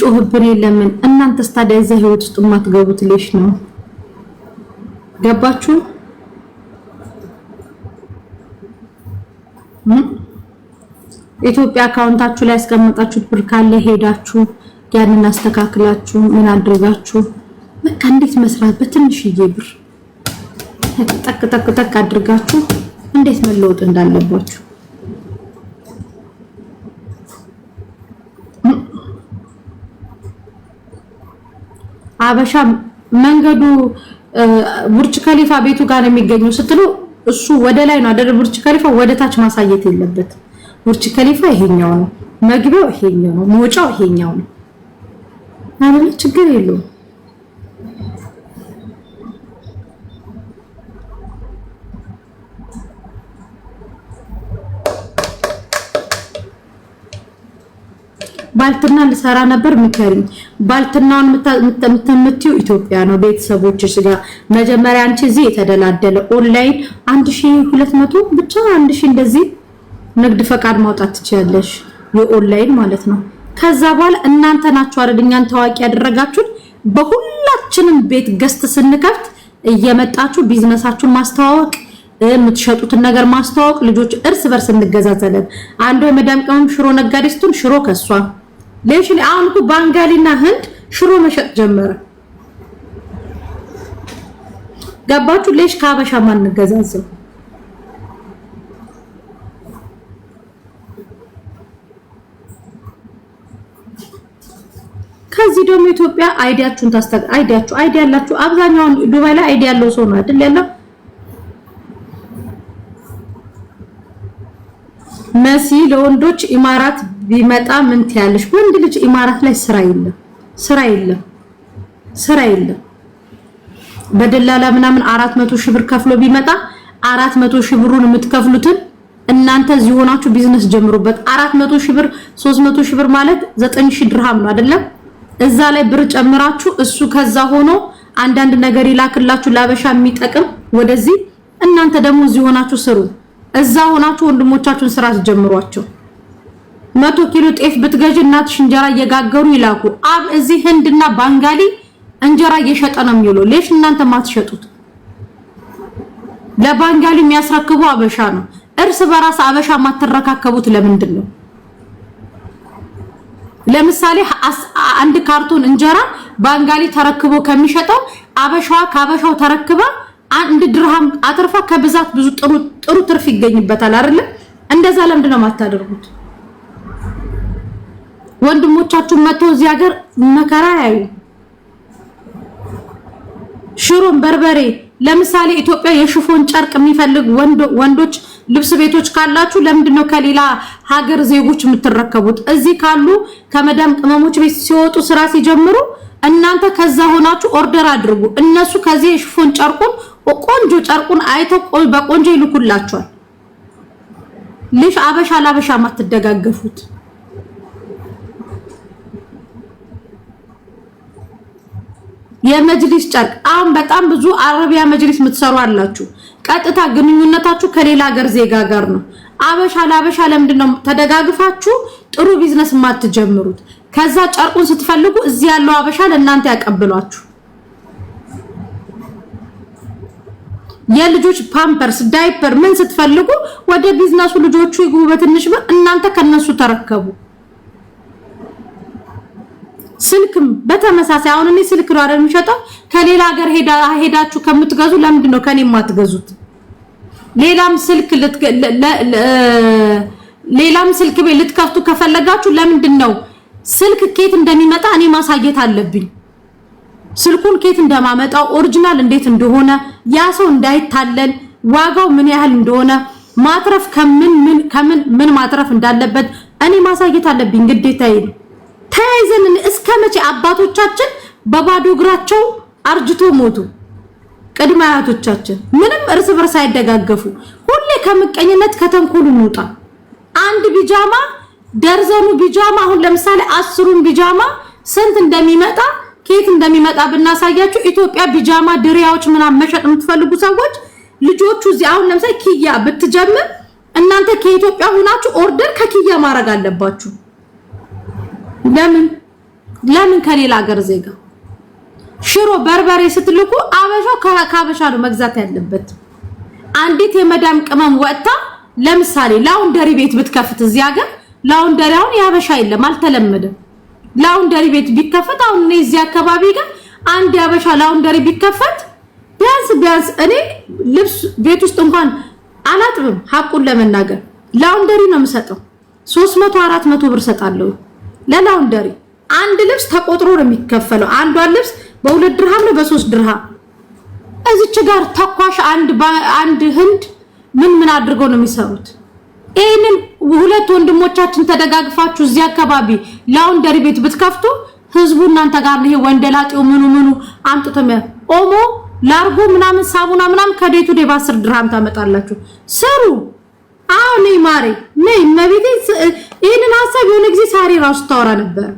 ጮህብን የለምን? እናንተ ስታዲያ እዛ ህይወት ውስጥ የማትገቡት ሌሽ ነው? ገባችሁ? ኢትዮጵያ አካውንታችሁ ላይ ያስቀመጣችሁት ብር ካለ ሄዳችሁ ያንን አስተካክላችሁ ምን አድርጋችሁ በቃ እንዴት መስራት በትንሽዬ ብር ጠቅ ጠቅ ጠቅ አድርጋችሁ እንዴት መለወጥ እንዳለባችሁ ሀበሻ መንገዱ ቡርጭ ከሊፋ ቤቱ ጋር ነው የሚገኘው ስትሉ እሱ ወደ ላይ ነው አደረ። ቡርጭ ከሊፋ ወደ ታች ማሳየት የለበት። ቡርጭ ከሊፋ ይሄኛው ነው፣ መግቢያው ይሄኛው ነው፣ መውጫው ይሄኛው ነው አይደለ? ችግር የለውም። ባልትና ልሰራ ነበር ምከሪኝ። ባልትናውን የምትምትው ኢትዮጵያ ነው ቤተሰቦችሽ ጋር መጀመሪያ አንቺ እዚህ የተደላደለ ኦንላይን መቶ ብቻ ሺ እንደዚህ ንግድ ፈቃድ ማውጣት ትችያለሽ፣ የኦንላይን ማለት ነው። ከዛ በኋላ እናንተ ናችሁ አይደል እኛን ታዋቂ ያደረጋችሁን። በሁላችንም ቤት ገስት ስንከፍት እየመጣችሁ ቢዝነሳችሁን ማስተዋወቅ የምትሸጡትን ነገር ማስተዋወቅ፣ ልጆች እርስ በርስ እንገዛዘለን። አንዱ የመዳም ቅመም ሽሮ ነጋዴ ስትሆን ሽሮ ከሷ ሌሽ አሁን እኮ ባንጋሊና ህንድ ሽሮ መሸጥ ጀመረ። ገባችሁ? ሌሽ ከሀበሻ ማንገዛዝም ከዚህ ደግሞ ኢትዮጵያ አይዲያችሁን ታስተጋ አይዲያችሁ አይዲያ ያላችሁ አብዛኛውን ዱባይ ላይ አይዲያ ያለው ሰው ነው አይደል ያለው። መሲ ለወንዶች ኢማራት ቢመጣ ምን ትያለሽ? ወንድ ልጅ ኢማራት ላይ ስራ የለም፣ ስራ የለም፣ ስራ የለም። በደላላ ምናምን አራት መቶ ሺህ ብር ከፍሎ ቢመጣ አራት መቶ ሺህ ብሩን የምትከፍሉትን እናንተ እዚህ ሆናችሁ ቢዝነስ ጀምሩበት። አራት መቶ ሺህ ብር ሶስት መቶ ሺህ ብር ማለት ዘጠኝ ሺህ ድርሃም ነው አይደለም? እዛ ላይ ብር ጨምራችሁ እሱ ከዛ ሆኖ አንዳንድ ነገር ይላክላችሁ ላበሻ የሚጠቅም ወደዚህ እናንተ ደግሞ እዚህ ሆናችሁ ስሩ። እዛ ሆናችሁ ወንድሞቻችሁን ስራ አስጀምሯቸው። መቶ ኪሎ ጤፍ ብትገዥ እናትሽ እንጀራ እየጋገሩ ይላኩ። አብ እዚህ ህንድና ባንጋሊ እንጀራ እየሸጠ ነው የሚውለው። ሌሽ እናንተ ማትሸጡት ለባንጋሊ የሚያስረክቡ አበሻ ነው። እርስ በራስ አበሻ ማትረካከቡት ለምንድን ነው? ለምሳሌ አንድ ካርቶን እንጀራ ባንጋሊ ተረክቦ ከሚሸጠው አበሻዋ ከአበሻው ተረክባ አንድ ድርሃም አትርፋ ከብዛት ብዙ ጥሩ ትርፍ ይገኝበታል አይደል? እንደዛ ለምንድን ነው የማታደርጉት? ወንድሞቻችሁን መጥተው እዚህ ሀገር መከራ ያዩ ሽሮም በርበሬ ለምሳሌ ኢትዮጵያ የሽፎን ጨርቅ የሚፈልግ ወንዶች ልብስ ቤቶች ካላችሁ ለምንድን ነው ከሌላ ሀገር ዜጎች የምትረከቡት? እዚህ ካሉ ከመዳም ቅመሞች ቤት ሲወጡ ስራ ሲጀምሩ እናንተ ከዛ ሆናችሁ ኦርደር አድርጉ። እነሱ ከዚህ የሽፎን ጨርቁን ቆንጆ ጨርቁን አይተው በቆንጆ ይልኩላችኋል። ልሽ አበሻ ለበሻ ማትደጋገፉት የመጅሊስ ጨርቅ አሁን በጣም ብዙ አረቢያ መጅሊስ የምትሰሩ አላችሁ። ቀጥታ ግንኙነታችሁ ከሌላ ሀገር ዜጋ ጋር ነው። አበሻ ለአበሻ ለምንድን ነው ተደጋግፋችሁ ጥሩ ቢዝነስ የማትጀምሩት? ከዛ ጨርቁን ስትፈልጉ እዚህ ያለው አበሻ ለእናንተ ያቀብሏችሁ። የልጆች ፓምፐርስ፣ ዳይፐር ምን ስትፈልጉ ወደ ቢዝነሱ ልጆቹ ይግቡ በትንሽ ብር፣ እናንተ ከነሱ ተረከቡ። ስልክም በተመሳሳይ አሁን እኔ ስልክ ነው አይደል የሚሸጠው? ከሌላ ሀገር ሄዳችሁ ከምትገዙ ለምንድን ነው ከኔ የማትገዙት? ሌላም ስልክ ሌላም ስልክ ቤት ልትከፍቱ ከፈለጋችሁ ለምንድን ነው ስልክ ኬት እንደሚመጣ እኔ ማሳየት አለብኝ። ስልኩን ኬት እንደማመጣው ኦሪጂናል እንዴት እንደሆነ ያ ሰው እንዳይታለል ዋጋው ምን ያህል እንደሆነ ማትረፍ ከምን ምን ከምን ምን ማትረፍ እንዳለበት እኔ ማሳየት አለብኝ ግዴታዬ ነው። ተያይዘን እስከ መቼ አባቶቻችን በባዶ እግራቸው አርጅቶ ሞቱ። ቅድመ አያቶቻችን ምንም እርስ በርስ አይደጋገፉ። ሁሌ ከምቀኝነት ከተንኮሉ እንውጣ። አንድ ቢጃማ ደርዘኑ ቢጃማ አሁን ለምሳሌ አስሩን ቢጃማ ስንት እንደሚመጣ ከየት እንደሚመጣ ብናሳያችሁ። ኢትዮጵያ ቢጃማ ድሪያዎች ምናምን መሸጥ የምትፈልጉ ሰዎች ልጆቹ እዚህ አሁን ለምሳሌ ኪያ ብትጀምር እናንተ ከኢትዮጵያ ሆናችሁ ኦርደር ከኪያ ማድረግ አለባችሁ። ለምን ለምን ከሌላ ሀገር ዜጋ ሽሮ በርበሬ ስትልኩ አበሻው ከአበሻ ነው መግዛት ያለበት። አንዲት የመዳም ቅመም ወጥታ ለምሳሌ ላውንደሪ ቤት ብትከፍት እዚህ ሀገር ላውንደሪ አሁን የአበሻ የለም አልተለመደም። ላውንደሪ ቤት ቢከፈት አሁን እኔ እዚህ አካባቢ ጋር አንድ የአበሻ ላውንደሪ ቢከፈት ቢያንስ ቢያንስ እኔ ልብስ ቤት ውስጥ እንኳን አላጥብም። ሀቁን ለመናገር ላውንደሪ ነው የምሰጠው። 300 400 ብር ሰጣለሁ። ለላውንደሪ አንድ ልብስ ተቆጥሮ ነው የሚከፈለው። አንዷን ልብስ በሁለት ድርሃም ነው በሶስት ድርሃም። እዚች ጋር ተኳሽ አንድ ህንድ ምን ምን አድርገው ነው የሚሰሩት? ይህንን ሁለት ወንድሞቻችን ተደጋግፋችሁ እዚህ አካባቢ ላውንደሪ ቤት ብትከፍቱ ህዝቡ እናንተ ጋር ይሄ ወንደላጤው ምኑ ምኑ አምጥቶ ኦሞ ላርጎ ምናምን ሳቡና ምናምን ከዴቱ ዴ በአስር ድርሃም ታመጣላችሁ ስሩ። አዎ ነይ ማሬ ነይ መቤቴ። ይህንን ሀሳብ የሆነ ጊዜ ሳሪ ራሱ ታወራ ነበር።